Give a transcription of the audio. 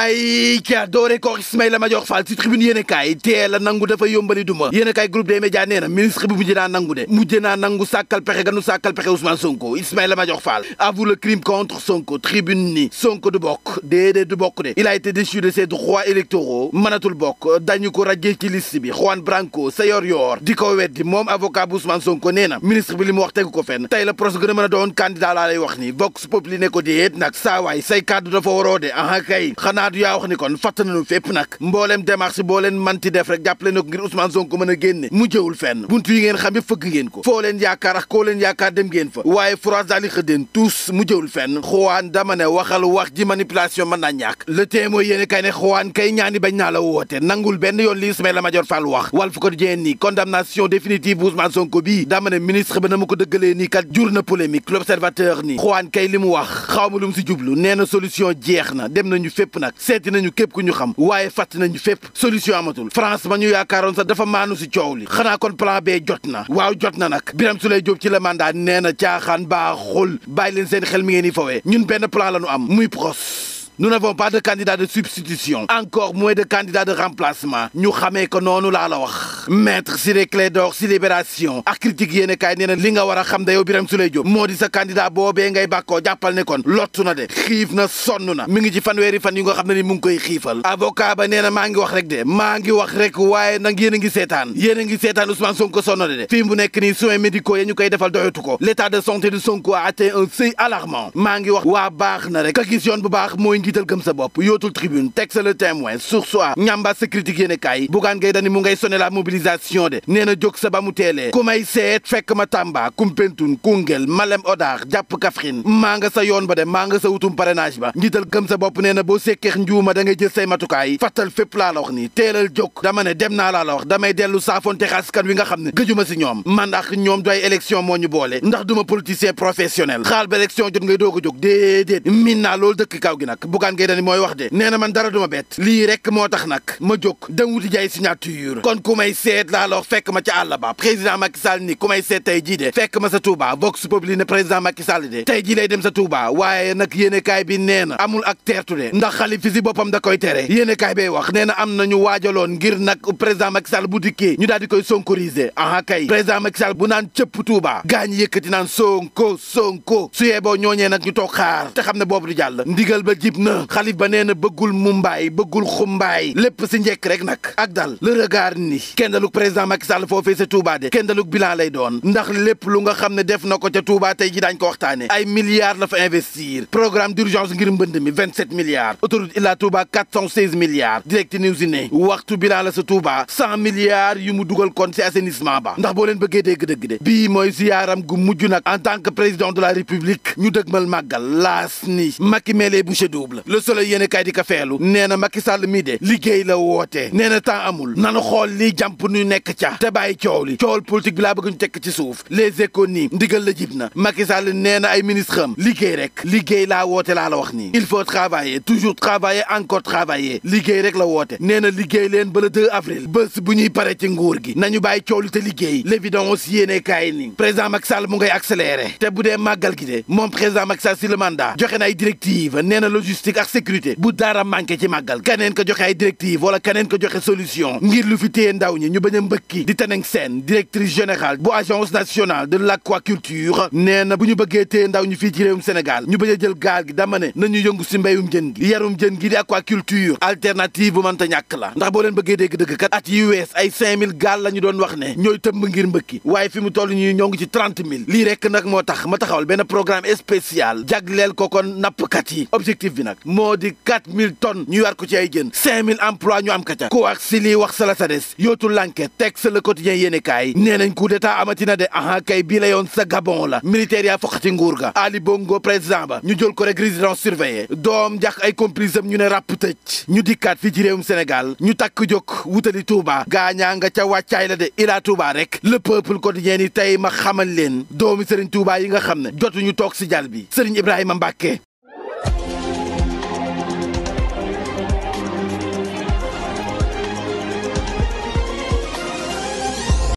waay ca doore ko Ismaïla Madior Fall ci tribune yéen kaay teel a nangu dafa yombali duma yéen kaay groupe des médias nee na ministre bi mujj naa nangu de mujj naa nangu sàkkal pexe ganu sàkkal pexe Ousmane Sonko Ismaïla Madior Fall avoue le crime contre Sonko tribune ni Sonko du bokk déedéet du bokk de il a été déchu de ses droits électoraux mënatul bokk dañu ko rajee bi Juan Branco Sayor Yor di weddi moom avocat bu Ousmane Sonko nee ministre bi li mu wax tegu ko fenn tey la procès gën a mën a doon candidat ko déet Abdoulaye yaa wax ni kon fatt nañu fépp nag mbooleem démarche boo leen manti def rek jàpp leen ko ngir Ousmane Sonko mën a génne mu jëwul fenn buntu yi ngeen xam yëpp fëgg ngeen ko foo leen yaakaar ak koo leen yaakaar dem ngeen fa waaye France daal di xëddeen tous mu jëwul fenn xuwaan dama ne waxal wax ji manipulation mën na ñàkk le témoin yéen kay ne xuwaan kay ñaani bañ naa la woote nangul benn yoon li Ismaïla Madior Fall wax Walf Quotidien ni condamnation définitive Ousmane Sonko bii dama ne ministre ba na ma ko dëggalee nii kat jur na polémique l'observateur ni xuwaan kay li mu wax xaw lu mu si jublu nee na solution jeex na dem nañu fépp nag seeti nañu képp ku ñu xam waaye fàtt nañu fépp solution amatul France ma ñu yaakaaroon sax dafa maanu si coow li xanaa kon plan B jot na waaw jot na nag su lay Diop ci la mandat nee na caaxaan baaxul bàyyi leen seen xel mi ngeen di fawee ñun benn plan la ñu am muy PROS. nu n'avons pas de candidat de substitution encore moins de candidat de remplacement ñu xamee ko noonu laa la wax wax maître Ciré Clédor si libération ak critique yéen kaay nee li nga war a xam da yow Birame Souleye Diop moo di sa candidat boobee ngay bàkkoo jàppal ne kon na de xiif na sonn na mi ngi ci fanweeri fan yi nga xam ne ni mu ngi koy xiifal avocat ba nee na maa ngi wax rek de maa ngi wax rek waaye nag yéen ngi seetaan yéen ngi seetaan Ousmane Sonko sonn na de fi mu nekk nii soins médicaux ya ñu koy defal doyatu ko l'état de santé de Sonko a atteint ngi wax waa baax na rek ka gis bu baax mooy sa bopp yootul tribune texte le sensibilisation de nee na jóg sa ba mu teelee ku may seet fekk ma Tamba Kumpentoun Koungheul Malem Odar jàpp Kaffrine maa nga sa yoon ba de maa nga sa wutum parrainage ba njiital gëm sa bopp nee na boo sekkeex njuuma da ngay jël say matukaay fattal fépp laa la wax ni teelal jóg dama ne dem naa laa la wax damay dellu saafonte askan wi nga xam ne gëjuma si ñoom man ak ñoom doy élection moo ñu boole ndax duma politicien professionnel xaal ba élection jot ngay doog a jóg déedéet min naa loolu dëkk kaw gi nag bugaan ngay dani mooy wax de nee na man dara duma bett lii rek moo tax nag ma jóg dem wuti seet laa lor fekk ma ca àll ba président Macky Sall ni ku may seet tey jii de fekk ma sa Touba Vox Populi ne président Macky Sall de tey jii lay dem sa Touba waaye nag yéenekaay bi nee na amul ak teertu de ndax xalif fi si boppam da koy tere yéenekaay bay wax nee na am nañu waajaloon ngir nag président Macky Sall bu dikkee ñu daal di koy sonkoriser aha kay président Macky Sall bu naan cëpp Touba gaañ yëkkati naan Sonko Sonko su yeboo ñooñee nag ñu toog xaar te xam ne boobu du jàll ndigal ba jib na xalif ba nee na bëggul mumbaay bëggul xumbaay lépp si njekk rek nag ak dal kendalug président Macky Sall foofee sa Touba de kendalug bilan lay doon ndax lépp lu nga xam ne def na ko ca Touba tey ji daañ ko waxtaane ay milliards la fa investir programme d'urgence ngir mbënd mi 27 milliards autoroute Ila Touba 416 milliards direct news ne waxtu bilan la sa Touba 100 yu mu dugal kon si assainissement ba ndax boo leen bëggee dégg dëgg de bii mooy ziyaaram gu mujj nag en tant que président de la république ñu dëgmal màggal laas a ñëpp ñu nekk ca te bàyyi coow li coowal politique bi laa bëgg tekk ci suuf les échos nii ndigal la na Macky Sall nee na ay ministre liggéey rek liggéey laa woote laa la wax nii il faut travailler toujours travailler encore travailler liggéey rek la woote nee na liggéey leen ba le 2 avril bés bu ñuy pare ci nguur gi nañu bàyyi coow li te liggéey l'évidence yéene kaay nii président Macky Sall mu ngay accéléré te bu dee màggal gi de moom président Macky Sall si joxe na ay directive nee na logistique ak sécurité bu dara manqué ci màggal kaneen ko joxe ay directive wala keneen ko joxe solution ngir lu fi téye ndaw ñi ñu bañ a mbëkki di teneng seen directrice général bu agence nationale de l'aquaculture nee na bu ñu bëggee téye ndaw ñu fii ci réewum Sénégal ñu bañ a jël gaal gi dama ne nañu yëngu si mbéyum jën gi yarum jën gi di aquaculture alternative bu mënta ñàkk la ndax boo leen bëggee dégg dëgg kat at yi wees ay 5000 gaal la ñu doon wax ne ñooy tëmb ngir mbëkki waaye fi mu toll ñuy ñoo ngi ci 30 000 lii rek nag moo tax ma taxawal benn programme spécial jagleel ko kon nappkat yi objectif bi nag moo di 4000 tonnes ñu war ko ci ay jën 5000 ñu am ka wax sa la sa des yootul l'enquête texte le quotidien yéene kaay nee nañ coup d'état amatina de aha kay bii ga Ali Bongo ba ñu jël ko rek résidence surveillée doom jax ay complice ñu ne ràpp tëj ñu dikkaat fii ci réewum Sénégal ñu takk jóg wutali Touba gaañaa nga ca wàccaay la de ilaa Touba rek le peuple quotidien yi tey ma xamal leen doomi Serigne Touba yi nga xam ne jotuñu toog si jal bi Serigne Ibrahima Mbacke